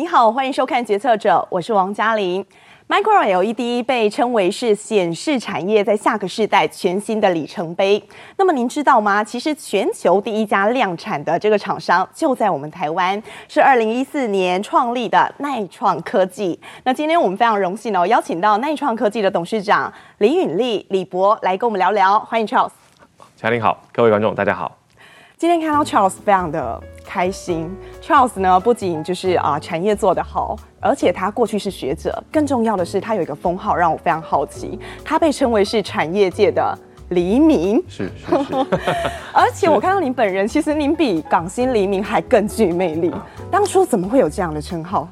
你好，歡迎收看《決策者》，我是王嘉琳。Micro LED 被稱為是顯示產業在下個世代全新的里程碑。那麼您知道嗎？其實全球第一家量產的這個廠商就在我們台灣，是二零一四年創立的錼創科技。那今天我們非常榮幸哦，邀請到錼創科技的董事長李允立、李博來跟我們聊聊。歡迎 Charles。嘉琳好，各位觀眾大家好。今天看到 Charles 非常的開心。Charles 呢，不僅就是啊、呃、產業做得好，而且他過去是學者，更重要的是他有一個封號，讓我非常好奇。他被稱為是產業界的黎明，是。是，是 而且我看到您本人，是其實您比港星黎明還更具魅力。啊、當初怎麼會有這樣的稱號？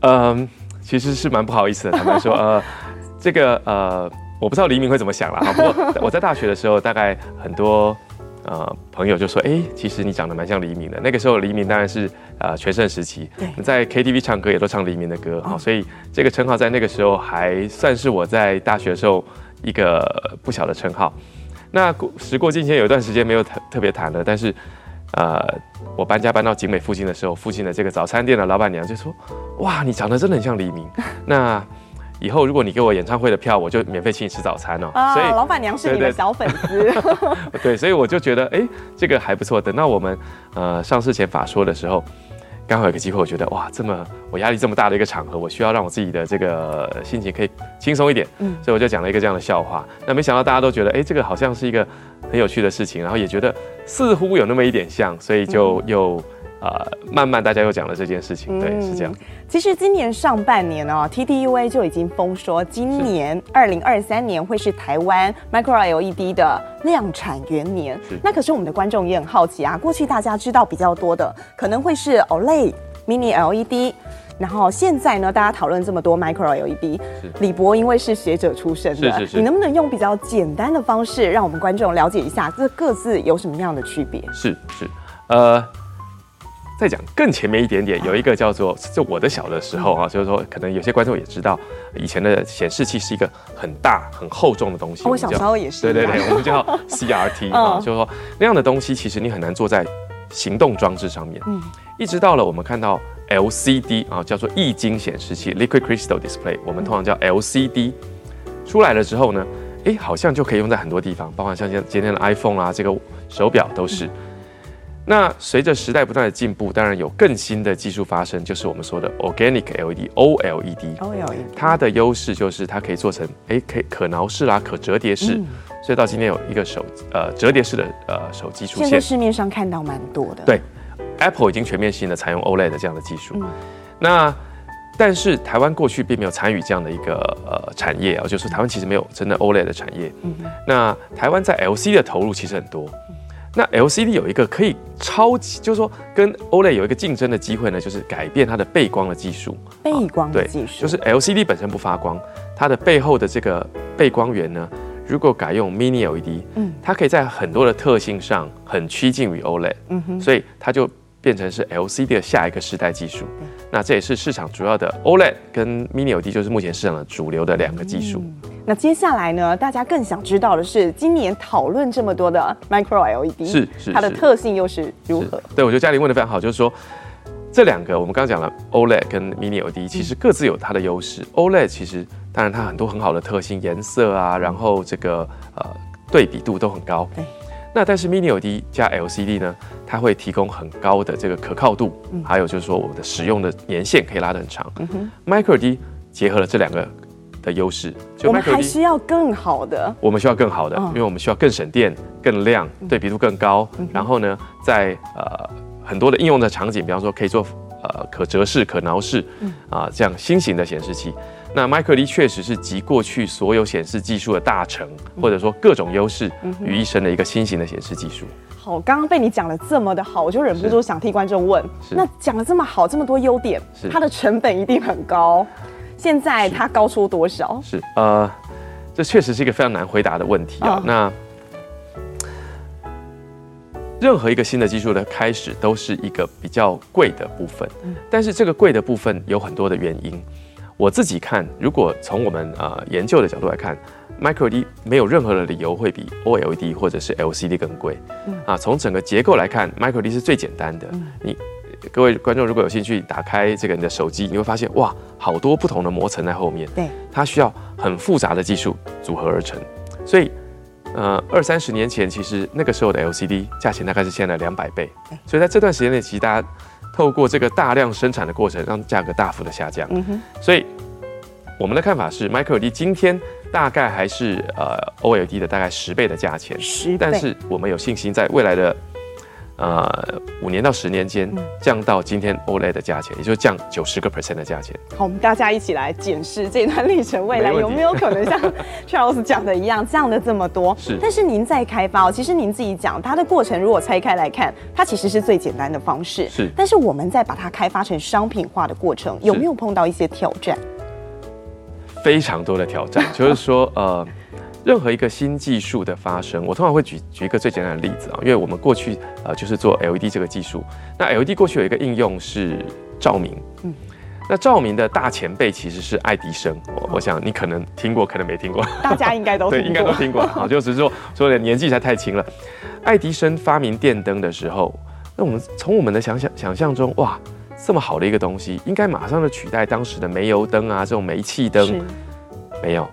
嗯、呃，其實是蠻不好意思的。坦白說， 呃，這個呃，我不知道黎明會怎麼想啦。好，不過我在大學的時候，大概很多。呃，朋友就說，哎、欸，其實你長得蠻像黎明的。那個時候，黎明當然是呃全盛時期，對，在 KTV 唱歌也都唱黎明的歌啊、嗯哦，所以這個稱號在那個時候還算是我在大學時候一個不小的稱號。那，時過境遷，有一段時間沒有特特別談了，但是，呃，我搬家搬到景美附近的時候，附近的這個早餐店的老板娘就說，哇，你長得真的很像黎明。 那。以後如果你給我演唱會的票，我就免費請你吃早餐哦。哦，所以老闆娘是你的小粉絲。對，對， 對，所以我就覺得，哎，這個還不錯。等到我們呃上市前法說的時候，剛好有個機會，我覺得哇，這麼我壓力這麼大的一個場合，我需要讓我自己的這個心情可以輕鬆一點。嗯。所以我就講了一個這樣的笑話。那沒想到大家都覺得，哎，這個好像是一個很有趣的事情，然後也覺得似乎有那麼一點像，所以就又。嗯呃，慢慢大家又講了這件事情，嗯、對，是這樣。其實今年上半年呢、哦、T D U A 就已經封說，今年二零二三年會是台灣 Micro L E D 的量產元年。是那可是我們的觀眾也很好奇啊，過去大家知道比較多的，可能會是 OLED、Mini L E D，然後現在呢，大家討論這麼多 Micro L E D，是李博因為是學者出身的，是是是，你能不能用比較簡單的方式，讓我們觀眾了解一下這各自有什麼樣的區別？是是，呃。再講更前面一點點，有一個叫做，就我的小的時候啊，就是說，可能有些觀眾也知道，以前的顯示器是一個很大、很厚重的東西。我，我小時候也是。對對對，我們叫 CRT、哦、啊，就是說那樣的東西，其實你很難做在行動裝置上面。嗯。一直到了我們看到 LCD 啊，叫做液晶顯示器 （Liquid Crystal Display），我們通常叫 LCD 出來了之後呢，哎，好像就可以用在很多地方，包括像今今天的 iPhone 啊，這個手錶都是。嗯那隨着時代不斷的進步，當然有更新的技術發生，就是我們說的 organic LED OLED, OLED。OLED 它的優勢就是它可以做成誒，可以可撓式啦，啊，可折疊式，嗯、所以到今天有一個手呃折疊式的呃手機出現。現在市面上看到蠻多的。對，Apple 已經全面性的採用 OLED 這樣的技術。嗯、那但是台灣過去並沒有參與這樣的一個呃產業啊，就是說台灣其實沒有真的 OLED 的產業。嗯、哼那台灣在 LC 的投入其實很多。那 LCD 有一個可以超車，就是說跟 OLED 有一個競爭的機會呢，就是改變它的背光的技術。背光的技術。對，哦、就是 LCD 本身不發光，它的背後的這個背光源呢，如果改用 Mini LED，嗯，它可以在很多的特性上很趨近於 OLED，嗯哼，所以它就變成是 LCD 的下一個時代技術。那這也是市場主要的 OLED 跟 Mini LED 就是目前市場的主流的兩個技術、嗯。那接下來呢，大家更想知道的是，今年討論這麼多的 Micro LED，是,是它的特性又是如何？對，我覺得嘉琳問的非常好，就是說這兩個我們剛剛講了 OLED 跟 Mini LED 其實各自有它的優勢。嗯、OLED 其實當然它很多很好的特性，顏色啊，然後這個呃對比度都很高。對那但是 Mini LED 加 LCD 呢，它會提供很高的這個可靠度，還有就是說我們的使用的年限可以拉得很長。嗯、哼 Micro LED 結合了這兩個的優勢，我們還需要更好的，我們需要更好的，嗯、因為我們需要更省電、更亮、對比度更高，嗯、哼然後呢，在呃很多的應用的場景，比方說可以做呃可折式、可撓式啊這樣新型的顯示器。那 Micro LED 確實是集過去所有顯示技術的大成，或者說各種優勢於一身的一個新型的顯示技術。好，剛剛被你講的這麼的好，我就忍不住想替觀眾問：那講了這麼好，這麼多優點，它的成本一定很高。現在它高出多少？是呃，這確實是一個非常難回答的問題啊。那任何一個新的技術的開始都是一個比較貴的部分，但是這個貴的部分有很多的原因。我自己看，如果從我們呃研究的角度來看，Micro LED 沒有任何的理由會比 OLED 或者是 LCD 更貴。嗯、啊，從整個結構來看，Micro LED 是最簡單的。嗯、你各位觀眾如果有興趣打開這個你的手機，你會發現哇，好多不同的膜層在後面。對，它需要很複雜的技術組合而成。所以，呃，二三十年前其實那個時候的 LCD 價錢大概是現在兩百倍。對所以在這段時間內，其實大家。透過這個大量生產的過程，讓價格大幅的下降，嗯哼。所以，我們的看法是 Micro LED 今天大概還是呃 OLED 的大概十倍的價錢。十倍但是，我們有信心在未來的。呃，五年到十年間降到今天 OLED 的價錢，嗯、也就是降九十個 percent 的價錢。好，我們大家一起來檢視這一段歷程，未來有沒有可能像，沒問題。 像 Charles 講的一樣，降的這麼多？是。但是您在開發、哦，其實您自己講它的過程，如果拆開來看，它其實是最簡單的方式。是。但是我們在把它開發成商品化的過程，有沒有碰到一些挑戰？非常多的挑戰， 就是說，呃。任何一個新技術的發生，我通常會舉舉一個最簡單的例子啊，因為我們過去呃就是做 LED 這個技術，那 LED 過去有一個應用是照明，嗯，那照明的大前輩其實是愛迪生，我，我想你可能聽過，可能沒聽過，大家應該都聽過 對，應該都聽過啊， 就是說說的年紀才太輕了，愛迪生發明電燈的時候，那我們從我們的想想想象中，哇，這麼好的一個東西，應該馬上就取代當時的煤油燈啊，這種煤氣燈，是沒有。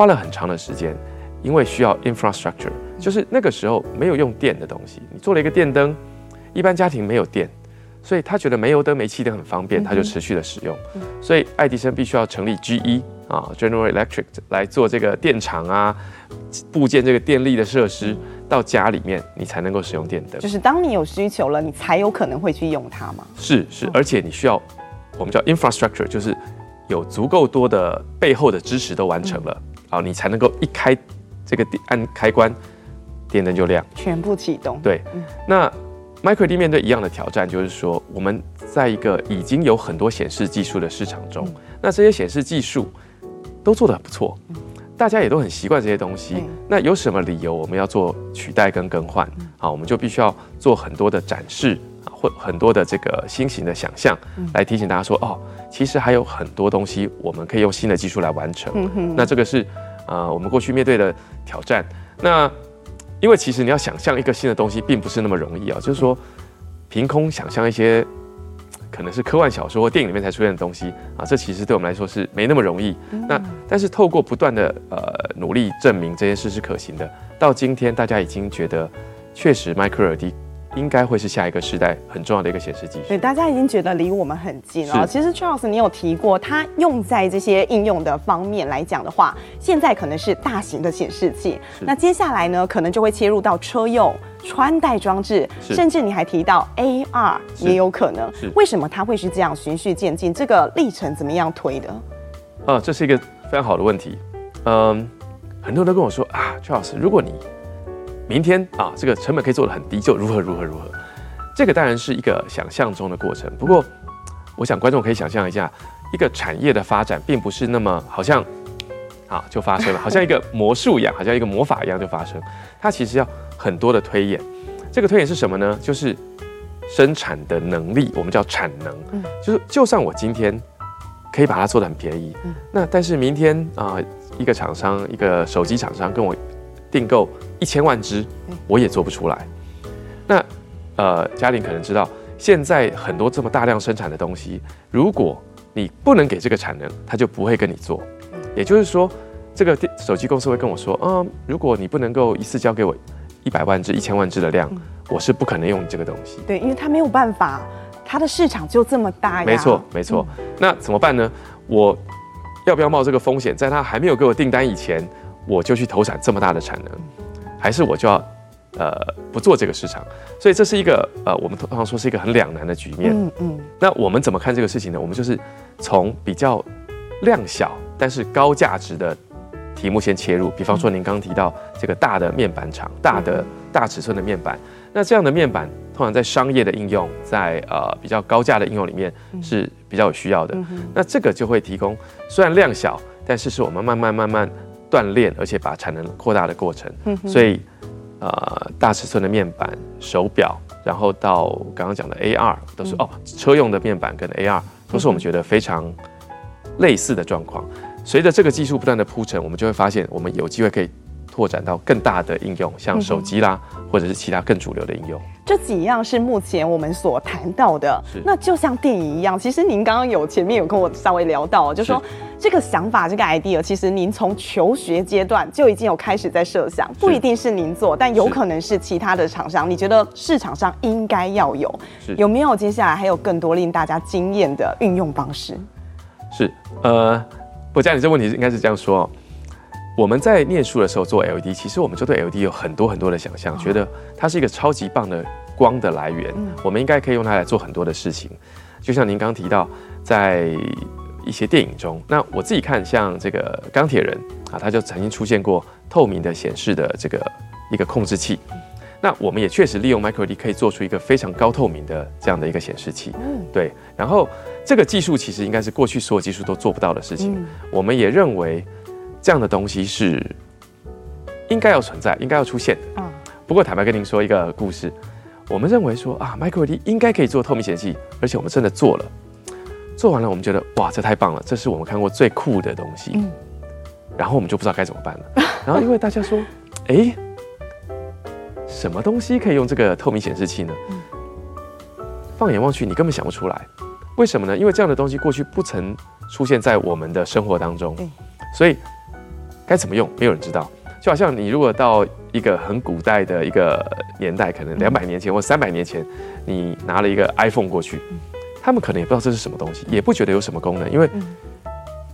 花了很長的時間，因為需要 infrastructure，就是那個時候沒有用電的東西，你做了一個電燈，一般家庭沒有電，所以他覺得煤油燈、煤氣燈很方便，他就持續的使用。嗯、哼所以愛迪生必須要成立 GE 啊 General Electric 來做這個電廠啊，布建這個電力的設施到家裡面，你才能夠使用電燈。就是當你有需求了，你才有可能會去用它嗎？是是，而且你需要我們叫 infrastructure，就是有足夠多的背後的支持都完成了。嗯好，你才能夠一開這個按開關，電燈就亮，全部啟動。對，嗯、那 Micro LED 面對一樣的挑戰，就是說我們在一個已經有很多顯示技術的市場中，嗯、那這些顯示技術都做得很不錯，嗯、大家也都很習慣這些東西。嗯、那有什麼理由我們要做取代跟更換？嗯、好，我們就必須要做很多的展示。或很多的這個新型的想象，來提醒大家說，哦，其實還有很多東西我們可以用新的技術來完成。嗯、哼那這個是呃我們過去面對的挑戰。那因為其實你要想象一個新的東西，並不是那麼容易啊、哦。嗯、哼就是說，憑空想象一些可能是科幻小說或電影裡面才出現的東西啊，這其實對我們來說是沒那麼容易。嗯、哼那但是透過不斷的呃努力，證明這件事是可行的，到今天大家已經覺得確實 Micro LED。應該會是下一個時代很重要的一個顯示技術，對，大家已經覺得離我們很近了。是其實 Charles，你有提過，它用在這些應用的方面來講的話，現在可能是大型的顯示器。是那接下來呢，可能就會切入到車用、穿戴裝置，是甚至你還提到 AR 也有可能。是，是為什麼它會是這樣循序漸進？這個歷程怎麼樣推的？哦，這是一個非常好的問題。嗯，很多人都跟我說啊，Charles，如果你明天啊，這個成本可以做得很低，就如何如何如何，這個當然是一個想象中的過程。不過，我想觀眾可以想象一下，一個產業的發展並不是那麼好像啊就發生了，好像一個魔術一樣，好像一個魔法一樣就發生。它其實要很多的推演。這個推演是什麼呢？就是生產的能力，我們叫產能。就是就算我今天可以把它做得很便宜，那但是明天啊，一個廠商，一個手機廠商跟我。訂購一千萬只，我也做不出來。對那，呃，嘉琳可能知道，現在很多這麼大量生產的東西，如果你不能給這個產能，他就不會跟你做。嗯、也就是說，這個手機公司會跟我說，嗯、呃，如果你不能夠一次交給我一百萬只、一千萬只的量，嗯、我是不可能用這個東西。對，因為他沒有辦法，他的市場就這麼大呀、嗯、沒錯，沒錯。嗯、那怎麼辦呢？我要不要冒這個風險，在他還沒有給我訂單以前？我就去投產這麼大的產能，還是我就要，呃，不做這個市場，所以這是一個呃，我們通常說是一個很兩難的局面。嗯嗯。那我們怎麼看這個事情呢？我們就是從比較量小但是高價值的題目先切入，比方說您剛提到這個大的面板廠、大的大尺寸的面板，那這樣的面板通常在商業的應用，在呃比較高價的應用裡面是比較有需要的。那這個就會提供雖然量小，但是是我們慢慢慢慢。鍛鍊，而且把產能擴大的過程，嗯、哼所以，呃，大尺寸的面板、手錶，然後到剛剛講的 AR，都是、嗯、哦，車用的面板跟 AR 都是我們覺得非常類似的狀況。嗯、哼隨着這個技術不斷的鋪陳，我們就會發現，我們有機會可以拓展到更大的應用，像手機啦，嗯、哼或者是其他更主流的應用。這幾樣是目前我們所談到的。是那就像電影一樣，其實您剛剛有前面有跟我稍微聊到，就說。是這個想法，這個 idea，其實您從求學階段就已經有開始在設想，是不一定是您做，但有可能是其他的廠商。是你覺得市場上應該要有，是有沒有接下來還有更多令大家驚豔的運用方式？是，呃，我講你這問題應該是這樣說：我們在念書的時候做 LED，其實我們就對 LED 有很多很多的想象，哦、覺得它是一個超級棒的光的來源，嗯、我們應該可以用它來做很多的事情，就像您剛提到在。一些電影中，那我自己看像這個鋼鐵人啊，他就曾經出現過透明的顯示的這個一個控制器。嗯、那我們也確實利用 Micro LED 可以做出一個非常高透明的這樣的一個顯示器。嗯，對。然後這個技術其實應該是過去所有技術都做不到的事情。嗯、我們也認為這樣的東西是應該要存在、應該要出現啊。嗯、不過坦白跟您說一個故事，我們認為說啊，Micro LED 應該可以做透明顯示器，而且我們真的做了。做完了，我們覺得哇，這太棒了，這是我們看過最酷的東西。嗯、然後我們就不知道該怎麼辦了。 然後因為大家說，哎，什麼東西可以用這個透明顯示器呢？嗯、放眼望去，你根本想不出來。為什麼呢？因為這樣的東西過去不曾出現在我們的生活當中，嗯、所以該怎麼用，沒有人知道。就好像你如果到一個很古代的一個年代，可能兩百年前或三百年前，嗯、你拿了一個 iPhone 過去。嗯他們可能也不知道這是什麼東西，也不覺得有什麼功能，因為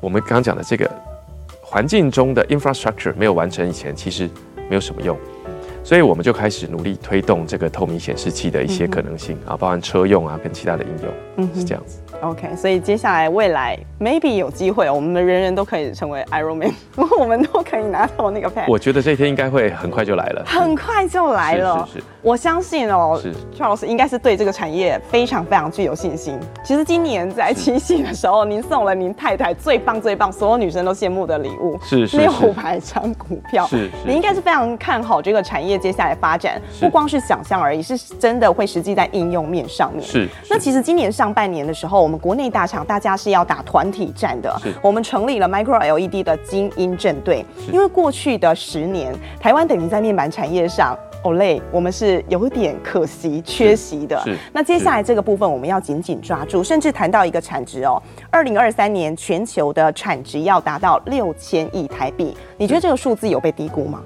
我們剛剛講的這個環境中的 infrastructure 沒有完成以前，其實沒有什麼用，所以我們就開始努力推動這個透明顯示器的一些可能性啊，嗯哼，包含車用啊，跟其他的應用，嗯哼，是這樣子。OK，所以接下來未來 maybe 有機會，哦，我們的人人都可以成為 Iron Man， 我們都可以拿到那個 Pad。我覺得這一天應該會很快就來了，很快就來了。是，是，是，我相信哦是，Charles 應該是對這個產業非常非常具有信心。其實今年在七夕的時候，是您送了您太太最棒最棒，所有女生都羨慕的禮物，是六百張股票。是，是是，你應該是非常看好這個產業接下來發展，是不光是想象而已，是真的會實際在應用面上面。是，是。那其實今年上半年的時候。我們國內大廠，大家是要打團體戰的。我們成立了 Micro LED 的精英戰隊，因為過去的十年，台灣等於在面板產業上 OLED 我們是有點可惜缺席的。那接下來這個部分我們要緊緊抓住，甚至談到一個產值哦，二零二三年全球的產值要達到六千億台幣，你覺得這個數字有被低估嗎？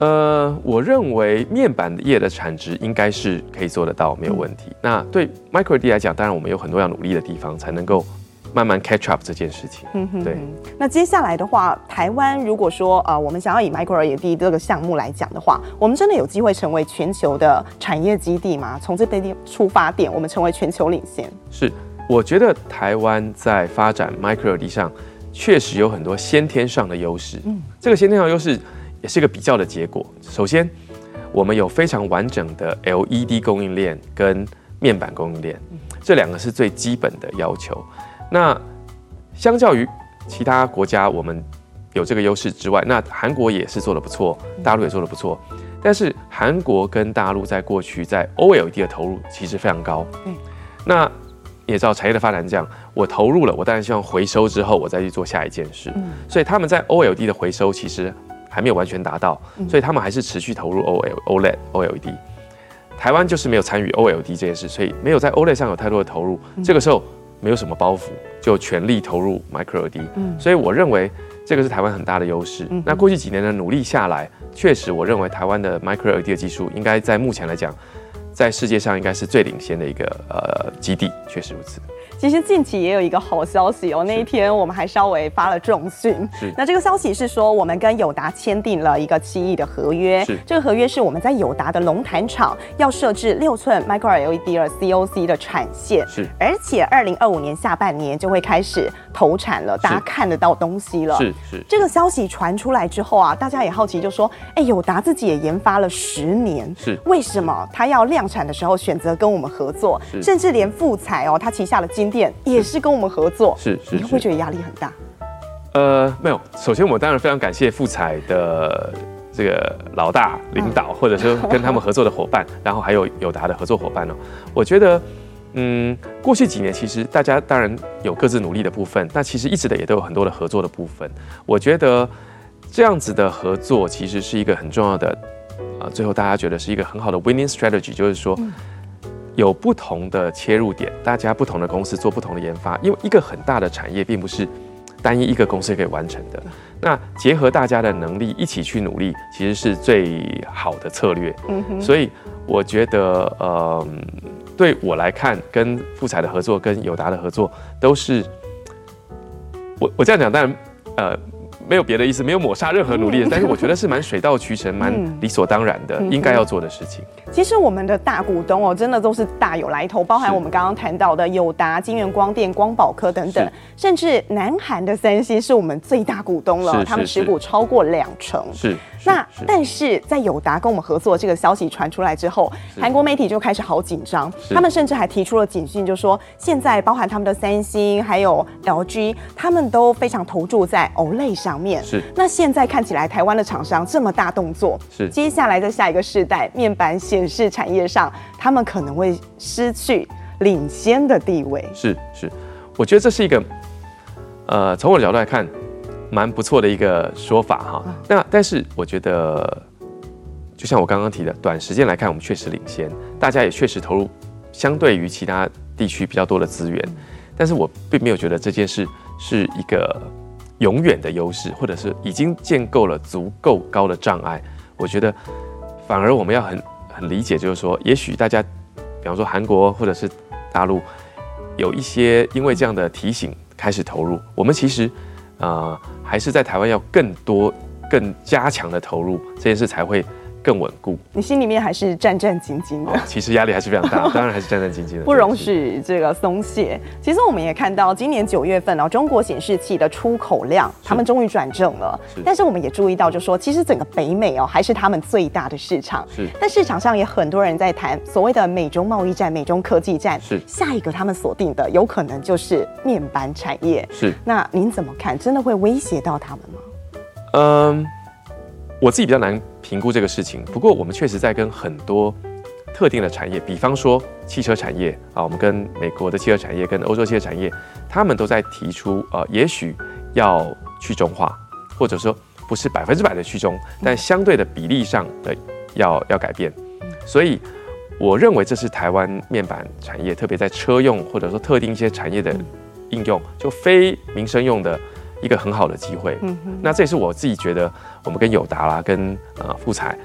呃，我認為面板業的產值應該是可以做得到，沒有問題。嗯、那對 Micro LED 來講，當然我們有很多要努力的地方，才能夠慢慢 catch up 這件事情。嗯、哼哼對。那接下來的話，台灣如果說啊、呃，我們想要以 Micro LED 這個項目來講的話，我們真的有機會成為全球的產業基地嗎？從這點點出發點，我們成為全球領先？是，我覺得台灣在發展 Micro LED 上，確實有很多先天上的優勢。嗯，這個先天上的優勢。也是一個比較的結果。首先，我們有非常完整的 LED 供應鏈跟面板供應鏈，這兩個是最基本的要求。那相較於其他國家，我們有這個優勢之外，那韓國也是做得不錯，大陸也做得不錯。但是韓國跟大陸在過去在 OLED 的投入其實非常高。那也知道產業的發展這樣，我投入了，我當然希望回收之後我再去做下一件事。所以他們在 OLED 的回收其實。還沒有完全達到，所以他們還是持續投入 O L E D O L E D。台灣就是沒有參與 O L E D 這件事，所以沒有在 O L E D 上有太多的投入。嗯、這個時候沒有什麼包袱，就全力投入 Micro L E D。嗯，所以我認為這個是台灣很大的優勢。嗯、那過去幾年的努力下來，確實我認為台灣的 Micro L E D 技術應該在目前來講，在世界上應該是最領先的一個呃基地，確實如此。其實近期也有一個好消息哦，是那一天我們還稍微發了重訊。是，那這個消息是說，我們跟友達簽訂了一個七億的合約。是，這個合約是我們在友達的龍潭廠要設置六寸 Micro LED 二 COC 的產線。是，而且二零二五年下半年就會開始投產了，是大家看得到東西了。是是，是是這個消息傳出來之後啊，大家也好奇，就說：“哎，友達自己也研發了十年，是為什麼他要量產的時候選擇跟我們合作？是甚至連富采哦，他旗下的機。”也是跟我們合作，是是，你會不會覺得壓力很大？呃，沒有。首先，我當然非常感謝富采的這個老大領導，啊、或者說跟他們合作的夥伴， 然後還有友達的合作夥伴呢、哦。我覺得，嗯，過去幾年其實大家當然有各自努力的部分，但其實一直的也都有很多的合作的部分。我覺得這樣子的合作其實是一個很重要的，呃、最後大家覺得是一個很好的 winning strategy，就是說。嗯有不同的切入點，大家不同的公司做不同的研發，因為一個很大的產業並不是單一一個公司可以完成的。那結合大家的能力一起去努力，其實是最好的策略。嗯哼。所以我覺得，嗯、呃，對我來看，跟富采的合作，跟友達的合作，都是我我這樣講，當然，呃。沒有別的意思，沒有抹殺任何努力的，但是我覺得是蠻水到渠成、蠻理所當然的，應該要做的事情。其實我們的大股東哦，真的都是大有來頭，包含我們剛剛談到的友達、晶元光電、光寶科等等，甚至南韓的三星是我們最大股東了，他們持股超過兩成。是。那但是在友達跟我們合作這個消息傳出來之後，韓國媒體就開始好緊張，他們甚至還提出了警訊，就說現在包含他們的三星還有 LG，他們都非常投注在 OLED 上。面。是那現在看起來，台灣的廠商這麼大動作，是接下來在下一個世代面板顯示產業上，他們可能會失去領先的地位。是是，我覺得這是一個，呃，從我的角度來看，蠻不錯的一個說法哈。啊。那但是我覺得，就像我剛剛提的，短時間來看，我們確實領先，大家也確實投入相對於其他地區比較多的資源，嗯。但是我並沒有覺得這件事是一個。永遠的優勢，或者是已經建構了足夠高的障礙，我覺得，反而我們要很很理解，就是說，也許大家，比方說韓國或者是大陸，有一些因為這樣的提醒開始投入，我們其實，呃，還是在台灣要更多、更加強的投入這件事才會更穩固，你心裡面還是戰戰兢兢的。哦，其實壓力還是非常大， 當然還是戰戰兢兢的，不容許這個鬆懈。是其實我們也看到，今年九月份哦，中國顯示器的出口量他們終於轉正了。是，但是我們也注意到，就說其實整個北美哦，還是他們最大的市場。是，但市場上也很多人在談所謂的美中貿易戰、美中科技戰。是，下一個他們鎖定的，有可能就是面板產業。是，那您怎麼看？真的會威脅到他們嗎？嗯。我自己比較難評估這個事情，不過我們確實在跟很多特定的產業，比方說汽車產業啊，我們跟美國的汽車產業，跟歐洲汽車產業，他們都在提出，呃，也許要去中化，或者說不是百分之百的去中，但相對的比例上的要要改變。所以我認為這是台灣面板產業，特別在車用或者說特定一些產業的應用，就非民生用的。一個很好的機會，嗯、哼那這也是我自己覺得，我們跟友達啦，跟呃富采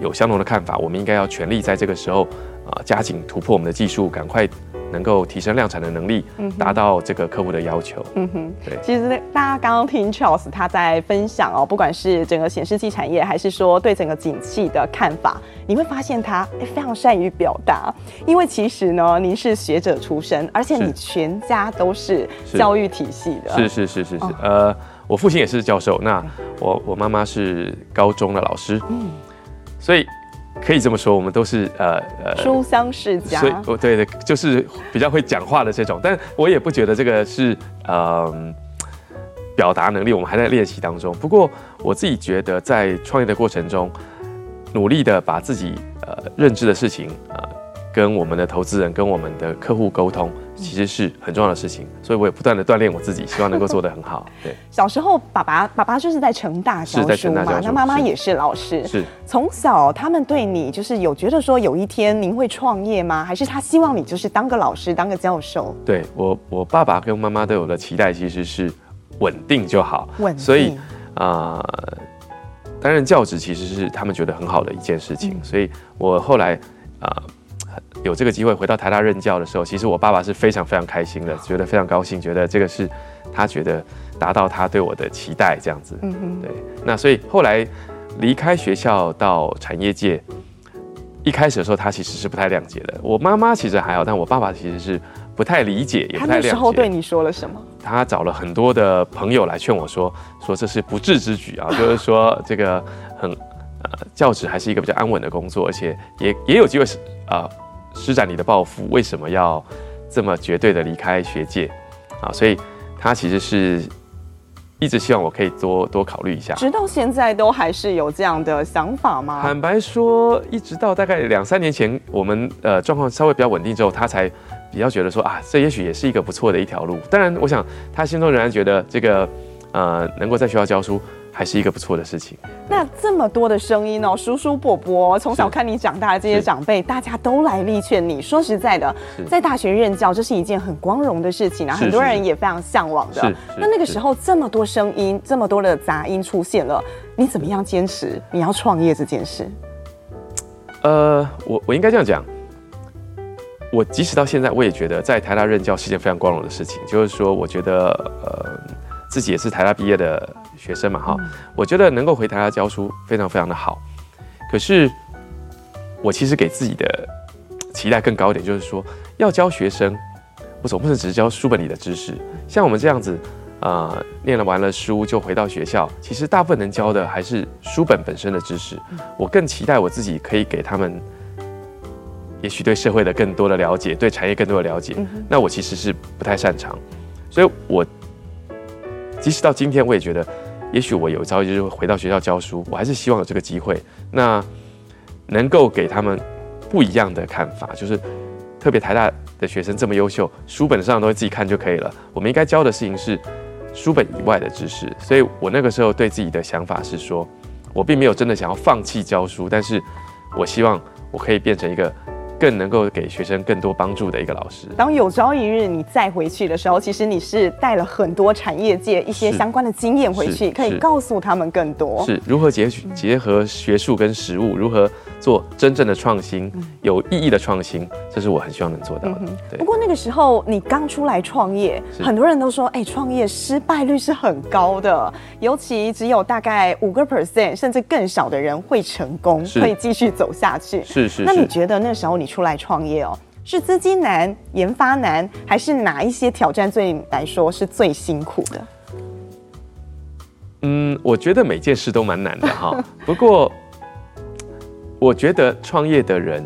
有相同的看法，我們應該要全力在這個時候啊、呃，加緊突破我們的技術，趕快。能夠提升量產的能力，嗯，達到這個客戶的要求，嗯哼，嗯哼對。其實大家剛剛聽 Charles 他在分享哦，不管是整個顯示器產業，還是說對整個景氣的看法，你會發現他哎非常善於表達。因為其實呢，您是學者出身，而且你全家都是教育體系的，是是,是是是是是。哦、呃，我父親也是教授，那我我媽媽是高中的老師，嗯，所以。可以這麼說，我們都是呃呃書香世家，呃、所以哦，對對，就是比較會講話的這種，但我也不覺得這個是嗯、呃、表達能力，我們還在練習當中。不過我自己覺得，在創業的過程中，努力的把自己呃認知的事情啊、呃，跟我們的投資人、跟我們的客戶溝通。其實是很重要的事情，所以我也不斷的鍛鍊我自己，希望能夠做的很好。對， 小時候爸爸爸爸就是在成大，是在成大教書嘛，那媽媽也是老師，是，是從小他們對你就是有覺得說有一天您會創業嗎？還是他希望你就是當個老師，當個教授？嗯、對我，我爸爸跟媽媽對我的期待其實是穩定就好，穩定。所以啊、呃，擔任教職其實是他們覺得很好的一件事情，嗯、所以我後來啊。呃有這個機會回到台大任教的時候，其實我爸爸是非常非常開心的，覺得非常高興，覺得這個是他覺得達到他對我的期待這樣子。嗯嗯哼，對。那所以後來離開學校到產業界，一開始的時候他其實是不太諒解的。我媽媽其實還好，但我爸爸其實是不太理解，也不太諒解。他那時候對你說了什麼？他找了很多的朋友來勸我說，說這是不智之舉啊，就是說這個很呃教職還是一個比較安穩的工作，而且也也有機會是啊。呃施展你的抱負，為什麼要這麼絕對的離開學界啊？所以他其實是一直希望我可以多多考慮一下，直到現在都還是有這樣的想法嗎？坦白說，一直到大概兩三年前，我們呃狀況稍微比較穩定之後，他才比較覺得說啊，這也許也是一個不錯的一條路。當然，我想他心中仍然覺得這個呃能夠在學校教書。還是一個不錯的事情。那這麼多的聲音哦，嗯、叔叔伯伯從小看你長大的這些長輩，是大家都來力勸你。說實在的，是在大學任教這是一件很光榮的事情啊，是是是很多人也非常嚮往的。是是是是那那個時候這麼多聲音，是是是這麼多的雜音出現了，你怎麼樣堅持你要創業這件事？呃，我我應該這樣講，我即使到現在，我也覺得在台大任教是一件非常光榮的事情。就是說，我覺得呃。自己也是台大畢業的學生嘛，哈、嗯，我覺得能夠回台大教書非常非常的好。可是我其實給自己的期待更高一點，就是說要教學生，我總不能只是教書本裡的知識。像我們這樣子，啊、呃，念了完了書就回到學校，其實大部分能教的還是書本本身的知識。我更期待我自己可以給他們，也許對社會的更多的了解，對產業更多的了解。嗯、哼那我其實是不太擅長，所以我。其實到今天，我也覺得，也許我有朝一日會回到學校教書，我還是希望有這個機會，那能夠給他們不一樣的看法，就是特別台大的學生這麼優秀，書本上都會自己看就可以了。我們應該教的事情是書本以外的知識。所以，我那個時候對自己的想法是說，我並沒有真的想要放棄教書，但是我希望我可以變成一個。更能夠給學生更多幫助的一個老師。當有朝一日你再回去的時候，其實你是帶了很多產業界一些相關的經驗回去，可以告訴他們更多是，是如何結結合學術跟實務如何。做真正的創新，有意義的創新，這是我很希望能做到的。對。嗯、不過那個時候你剛出來創業，是很多人都說，哎，創業失敗率是很高的，尤其只有大概五個 percent 甚至更少的人會成功，是會繼續走下去。是是，是是。那你覺得那時候你出來創業哦，是資金難、研發難，還是哪一些挑戰最來說是最辛苦的？嗯，我覺得每件事都蠻難的哈、哦。不過。 我覺得創業的人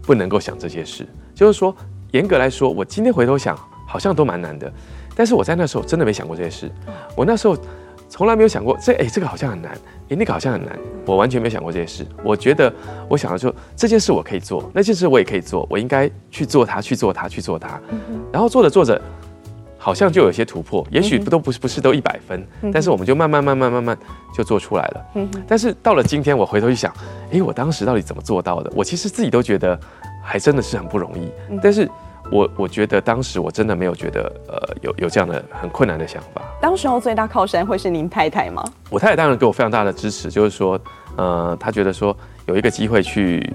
不能夠想這些事，就是說，嚴格來說，我今天回頭想，好像都蠻難的。但是我在那時候真的沒想過這些事，我那時候從來沒有想過，這誒、欸，這個好像很難，誒、欸，那個好像很難，我完全沒有想過這些事。我覺得，我想說這件事我可以做，那件事我也可以做，我應該去做它，去做它，去做它，嗯、哼然後做着做着。好像就有些突破，嗯、哼也許不都不是不是都一百分，嗯、哼但是我們就慢慢慢慢慢慢就做出來了。嗯、哼但是到了今天，我回頭一想，哎、欸，我當時到底怎麼做到的？我其實自己都覺得還真的是很不容易。嗯、哼但是我我覺得當時我真的沒有覺得呃有有這樣的很困難的想法。當時候最大靠山會是您太太嗎？我太太當然給我非常大的支持，就是說，呃，她覺得說有一個機會去，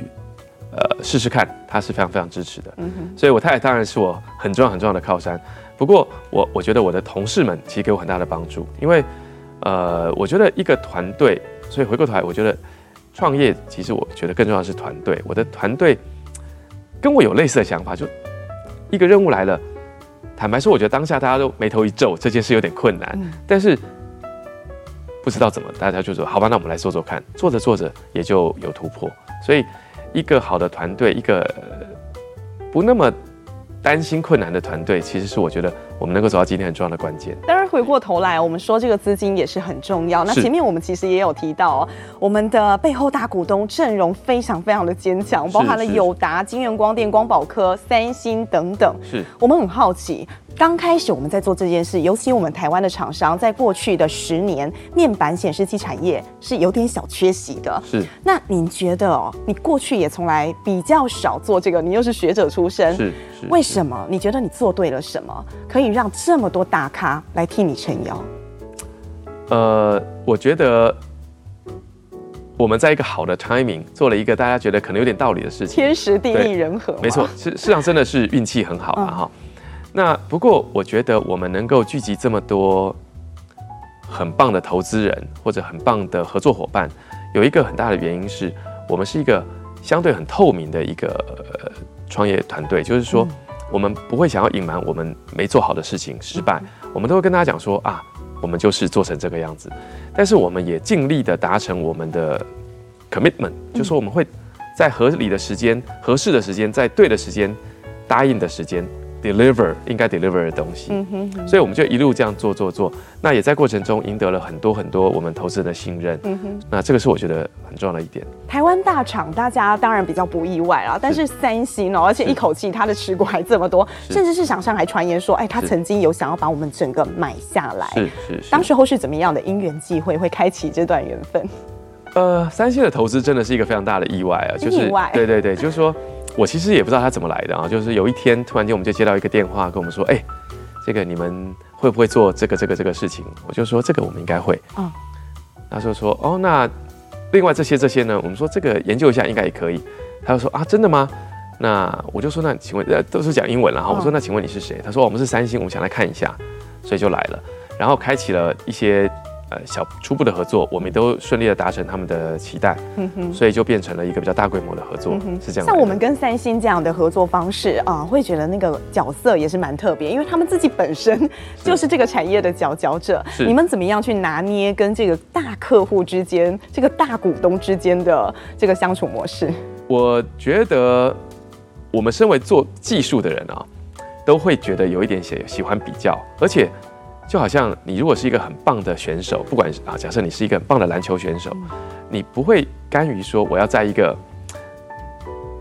呃，試試看，她是非常非常支持的。嗯、哼所以我太太當然是我很重要很重要的靠山。不過，我我覺得我的同事們其實給我很大的幫助，因為，呃，我覺得一個團隊，所以回過頭來，我覺得創業其實我覺得更重要的是團隊。我的團隊跟我有類似的想法，就一個任務來了，坦白說，我覺得當下大家都眉頭一皺，這件事有點困難，但是不知道怎麼，大家就說好吧，那我們來做做看，做着做着也就有突破。所以一個好的團隊，一個不那麼擔心困難的團隊，其實是我覺得我們能夠走到今天很重要的關鍵。當然，回過頭來，對我們說這個資金也是很重要。那前面我們其實也有提到哦，是我們的背後大股東陣容非常非常的堅強，包含了友達、晶元光電、光寶科、三星等等。是，我們很好奇。剛開始我們在做這件事，尤其我們台灣的廠商，在過去的十年，面板顯示器產業是有點小缺席的。是。那您覺得，你過去也從來比較少做這個，你又是學者出身，是，是，是。為什麼？你覺得你做對了什麼，可以讓這麼多大咖來替你撐腰？呃，我覺得我們在一個好的 timing 做了一個大家覺得可能有點道理的事情，天時地利人和。沒錯，事 事實上真的是運氣很好啊哈。嗯。那不過，我覺得我們能夠聚集這麼多很棒的投資人或者很棒的合作夥伴，有一個很大的原因是我們是一個相對很透明的一個呃創業團隊，就是說我們不會想要隱瞞我們沒做好的事情、失敗，我們都會跟大家講說啊，我們就是做成這個樣子。但是我們也盡力的達成我們的 commitment，就是說我們會在合理的時間、合適的時間、在對的時間、答應的時間。deliver 應該 deliver 的東西，嗯哼嗯哼，所以我們就一路這樣做做做。那也在過程中贏得了很多很多我們投資人的信任。嗯哼，那這個是我覺得很重要的一點。台灣大廠大家當然比較不意外啊，是但是三星哦、喔，而且一口氣它的持股還這麼多，是甚至市場上還傳言說，哎、欸，他曾經有想要把我們整個買下來。是是是。是是是當時候是怎麼樣的因緣際會會開啟這段緣分？呃，三星的投資真的是一個非常大的意外啊，就是意外對對對，就是說。 我其實也不知道他怎麼來的啊，就是有一天突然間我們就接到一個電話，跟我們說：“哎、欸，這個你們會不會做這個這個這個事情？”我就說：“這個我們應該會啊。嗯”他就說：“說哦，那另外這些這些呢？”我們說：“這個研究一下應該也可以。”他就說：“啊，真的嗎？”那我就說：“那請問……呃，都是講英文了哈。”我說：“那請問你是誰？”他說：“我們是三星，我們想來看一下，所以就來了。”然後開啟了一些。呃，小初步的合作，我們都順利地達成他們的期待，嗯、哼所以就變成了一個比較大規模的合作，嗯、哼是這樣。像我們跟三星這樣的合作方式啊、呃，會覺得那個角色也是蠻特別，因為他們自己本身就是這個產業的佼佼者。是你們怎麼樣去拿捏跟這個大客戶之間、這個大股東之間的這個相處模式？我覺得，我們身為做技術的人啊，都會覺得有一點喜喜歡比較，而且。就好像你如果是一個很棒的選手，不管啊，假設你是一個很棒的籃球選手，嗯、你不會甘於說我要在一個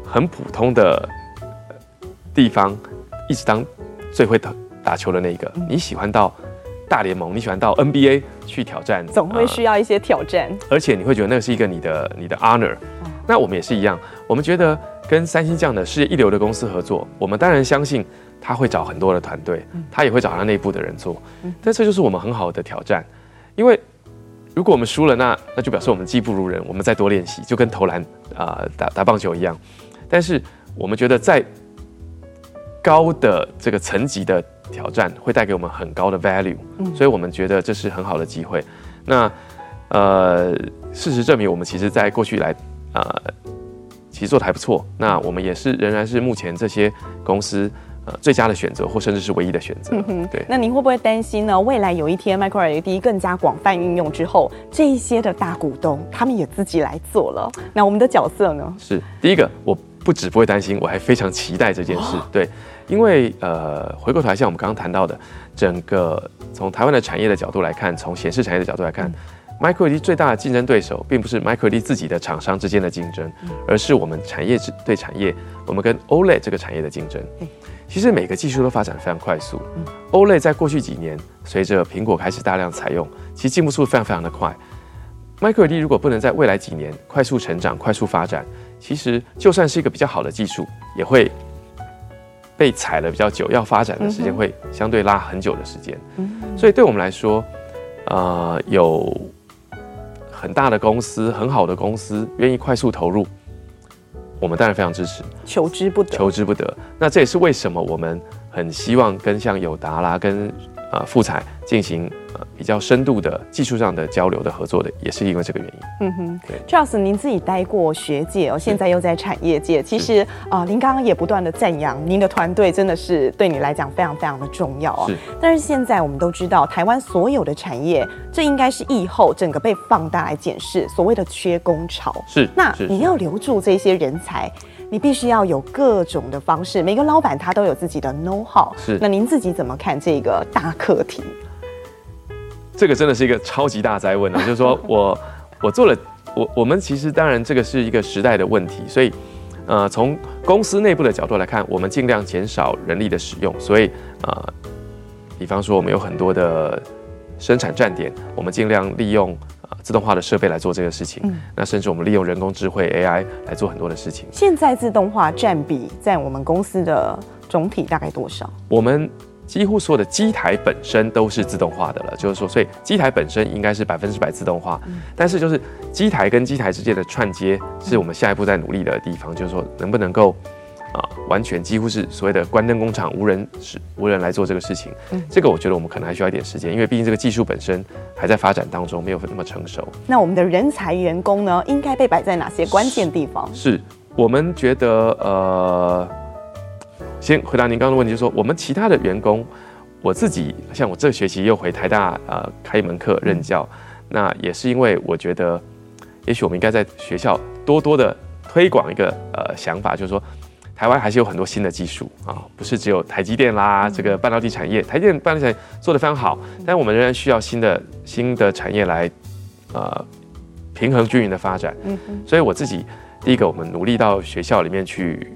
很普通的地方一直當最會打打球的那一個。嗯、你喜歡到大聯盟，你喜歡到 NBA 去挑戰，總會需要一些挑戰。呃、而且你會覺得那是一個你的你的 honor。嗯、那我們也是一樣，我們覺得跟三星這樣的世界一流的公司合作，我們當然相信。他會找很多的團隊，嗯、他也會找他內部的人做，嗯、但這就是我們很好的挑戰，因為如果我們輸了那，那那就表示我們技不如人，我們再多練習，就跟投籃啊、呃、打打棒球一樣。但是我們覺得在高的這個層級的挑戰會帶給我們很高的 value，、嗯、所以我們覺得這是很好的機會。那呃，事實證明，我們其實在過去以來呃，其實做得還不錯。那我們也是仍然是目前這些公司。最佳的選擇，或甚至是唯一的選擇。嗯、哼對，那您會不會擔心呢？未來有一天，Micro LED 更加廣泛運用之後，這一些的大股東他們也自己來做了，那我們的角色呢？是第一個，我不止不會擔心，我還非常期待這件事。哦、對，因為呃，回過頭來，像我們剛剛談到的，整個從台灣的產業的角度來看，從顯示產業的角度來看、嗯、Micro LED 最大的競爭對手，並不是 Micro LED 自己的廠商之間的競爭，嗯、而是我們產業對產業，我們跟 OLED 這個產業的競爭。嗯其實每個技術都發展非常快速。嗯、OLED 在過去幾年，隨着蘋果開始大量採用，其實進步速度非常非常的快。Micro LED 如果不能在未來幾年快速成長、快速發展，其實就算是一個比較好的技術，也會被踩了比較久，要發展的時間會相對拉很久的時間。嗯、哼所以對我們來說，呃，有很大的公司、很好的公司願意快速投入。我們當然非常支持，求之不得、求之不得。那這也是為什麼我們很希望跟像友達啦，跟呃富采進行呃。比較深度的技術上的交流的合作的，也是因為這個原因。嗯哼，對 Charles，您自己待過學界哦，現在又在產業界。對其實啊是、呃，您剛剛也不斷的讚揚您的團隊，真的是對你來講非常非常的重要啊、哦。是。但是現在我們都知道，台灣所有的產業，這應該是疫後整個被放大來檢視所謂的缺工潮。是。那是是你要留住這些人才，你必須要有各種的方式。每個老板他都有自己的 know how。是。那您自己怎麼看這個大課題？這個真的是一個超級大哉問啊！就是說我我做了，我我們其實當然這個是一個時代的問題，所以呃，從公司內部的角度來看，我們盡量減少人力的使用，所以呃，比方說我們有很多的生產站點，我們盡量利用、呃、自動化的設備來做這個事情，嗯、那甚至我們利用人工智慧 AI 來做很多的事情。現在自動化占比在我們公司的總體大概多少？我們。幾乎所有的機台本身都是自動化的了，就是說，所以機台本身應該是百分之百自動化。但是，就是機台跟機台之間的串接，是我們下一步在努力的地方，就是說，能不能夠啊，完全幾乎是所謂的關燈工廠，無人是無人來做這個事情。這個我覺得我們可能還需要一點時間，因為畢竟這個技術本身還在發展當中，沒有那麼成熟。那我們的人才員工呢，應該被擺在哪些關鍵地方？是，是我們覺得呃。先回答您剛剛的問題就是，就說我們其他的員工，我自己像我這學期又回台大呃開一門課任教，嗯、那也是因為我覺得，也許我們應該在學校多多的推廣一個呃想法，就是說台灣還是有很多新的技術啊，不是只有台積電啦，嗯、這個半導體產業台積電半導體產業做得非常好，嗯、但我們仍然需要新的新的產業來呃平衡均勻的發展。嗯、哼所以我自己第一個，我們努力到學校裡面去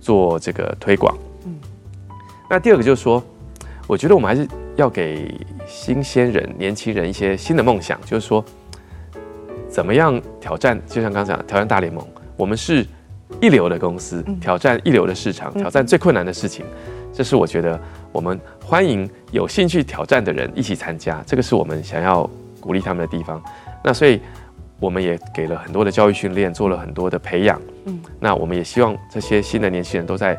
做這個推廣。嗯，那第二個就是說，我覺得我們還是要給新鮮人、年輕人一些新的夢想，就是說，怎麼樣挑戰？就像剛才講，挑戰大聯盟，我們是一流的公司，挑戰一流的市場，嗯、挑戰最困難的事情，嗯、這是我覺得我們歡迎有興趣挑戰的人一起參加，這個是我們想要鼓勵他們的地方。那所以，我們也給了很多的教育訓練，做了很多的培養。嗯，那我們也希望這些新的年輕人都在。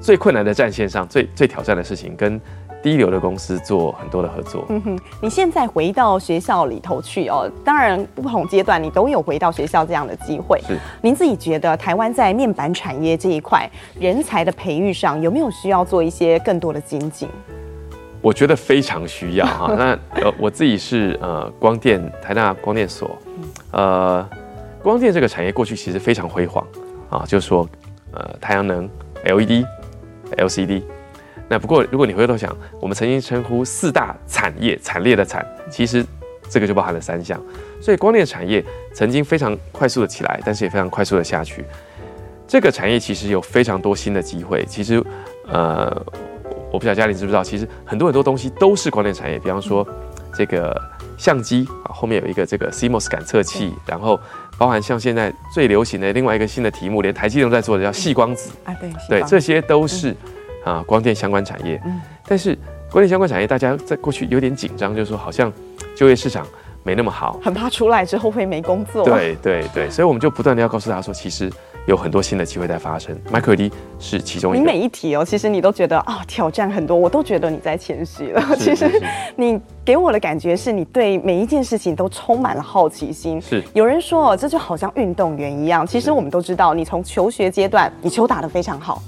最困難的戰線上，最最挑戰的事情，跟第一流的公司做很多的合作。嗯哼，你現在回到學校裡頭去哦，當然不同階段你都有回到學校這樣的機會。是，您自己覺得台灣在面板產業這一塊人才的培育上，有沒有需要做一些更多的精進？我覺得非常需要哈。 那呃，我自己是呃光電台大光電所，嗯、呃，光電這個產業過去其實非常輝煌啊，就是說呃太陽能。LED LCD，那不過如果你回頭想，我們曾經稱呼四大慘業，慘烈的慘，其實這個就包含了三項。所以光電產業曾經非常快速的起來，但是也非常快速的下去。這個產業其實有非常多新的機會。其實，呃，我不曉得大家知不知道，其實很多很多東西都是光電產業，比方說這個。相機啊，後面有一個這個 CMOS 感測器，對然後包含像現在最流行的另外一個新的題目，連台積電都在做的叫矽光子、嗯、啊，對對，這些都是啊光電相關產業。嗯，但是光電相關產業大家在過去有點緊張，就是說好像就業市場沒那麼好，很怕出來之後會沒工作。對對對，所以我們就不斷地要告訴大家說，其實。有很多新的機會在發生，Micro LED 是其中一個。你每一題哦，其實你都覺得啊、哦，挑戰很多，我都覺得你在謙虛了。其實，你給我的感覺是你對每一件事情都充滿了好奇心。是，有人說哦，這就好像運動員一樣。其實我們都知道，你從求學階段，你球打得非常好。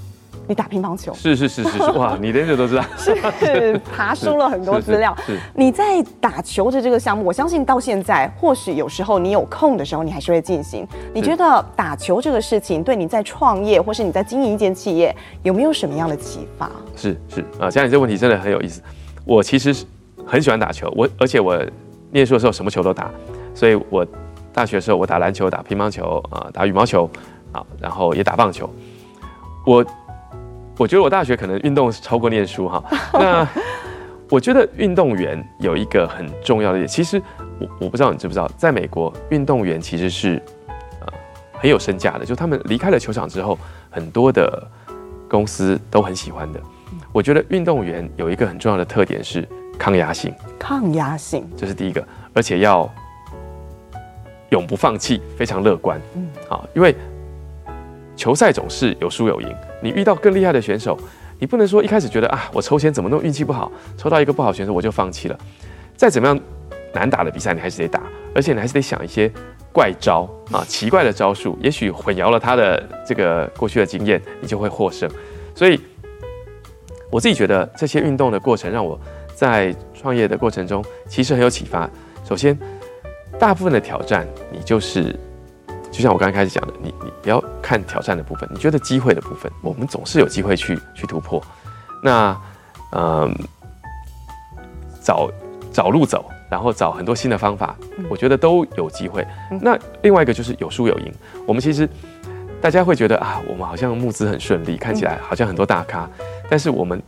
你打乒乓球是是是是哇！你連這都知道， 是是爬梳了很多資料。是是是是你在打球的這個項目，我相信到現在，或許有時候你有空的時候，你還是會進行。你覺得打球這個事情，對你在創業或是你在經營一間企業，有沒有什麼樣的啟發？是是啊，像你這個問題真的很有意思。我其實很喜歡打球，我而且我念書的時候什麼球都打，所以我大學的時候我打籃球、打乒乓球啊、打羽毛球啊，然後也打棒球。我。我覺得我大學可能運動超過念書哈。 那我覺得運動員有一個很重要的一點，其實我我不知道你知不知道，在美國運動員其實是、呃、很有身價的，就他們離開了球場之後，很多的公司都很喜歡的。嗯、我覺得運動員有一個很重要的特點是抗壓性，抗壓性這是第一個，而且要永不放棄，非常樂觀，好、嗯，因為球賽總是有輸有贏。你遇到更厲害的選手，你不能說一開始覺得啊，我抽籤怎麼弄運氣不好，抽到一個不好的選手我就放棄了。再怎麼樣難打的比賽，你還是得打，而且你還是得想一些怪招啊，奇怪的招數，也許混淆了他的這個過去的經驗，你就會獲勝。所以，我自己覺得這些運動的過程讓我在創業的過程中其實很有啟發。首先，大部分的挑戰，你就是就像我剛開始講的，你你不要。看挑戰的部分，你覺得機會的部分，我們總是有機會去去突破。那，嗯，找找路走，然後找很多新的方法，嗯、我覺得都有機會。嗯、那另外一個就是有輸有贏。我們其實大家會覺得啊，我們好像募資很順利，看起來好像很多大咖，嗯、但是我們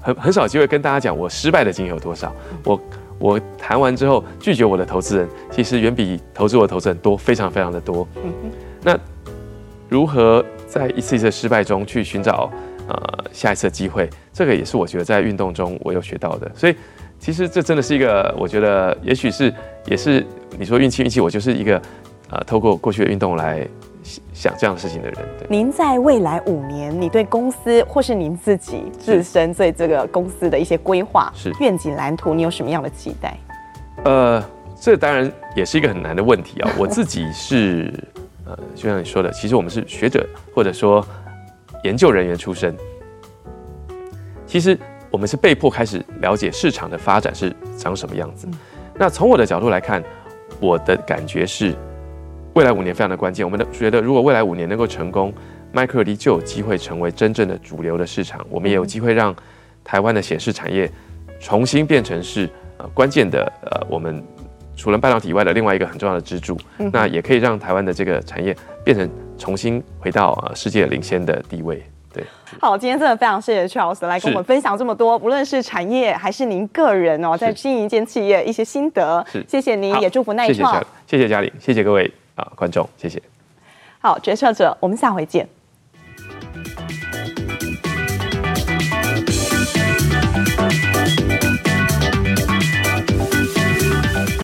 很很少有機會跟大家講我失敗的經驗有多少。嗯、我我談完之後拒絕我的投資人，其實遠比投資我的投資人多，非常非常的多。嗯、那。如何在一次一次失敗中去尋找呃，下一次的機會？這個也是我覺得在運動中我有學到的。所以其實這真的是一個我覺得也許是也是你說運氣運氣，我就是一個呃透過過去的運動來想，想這樣的事情的人。對。您在未來五年，你對公司或是您自己自身對這個公司的一些規劃、是願景、藍圖，你有什麼樣的期待？呃，這當然也是一個很難的問題啊。我自己是。 呃，就像你說的，其實我們是學者或者說研究人員出身。其實我們是被迫開始了解市場的發展是長什麼樣子。嗯、那從我的角度來看，我的感覺是未來五年非常的關鍵。我們覺得，如果未來五年能夠成功，Micro LED 就有機會成為真正的主流的市場。我們也有機會讓台灣的顯示產業重新變成是呃關鍵的呃我們。除了半導體以外的另外一個很重要的支柱，嗯、哼那也可以讓台灣的這個產業變成重新回到世界領先的地位。對，好，今天真的非常謝謝 Charles 來跟我們分享這麼多，是無論是產業還是您個人哦，在經營一間企業是一些心得，是謝謝您好，也祝福錼創，謝謝嘉琳，謝謝各位啊觀眾，謝謝。好，決策者，我們下回見。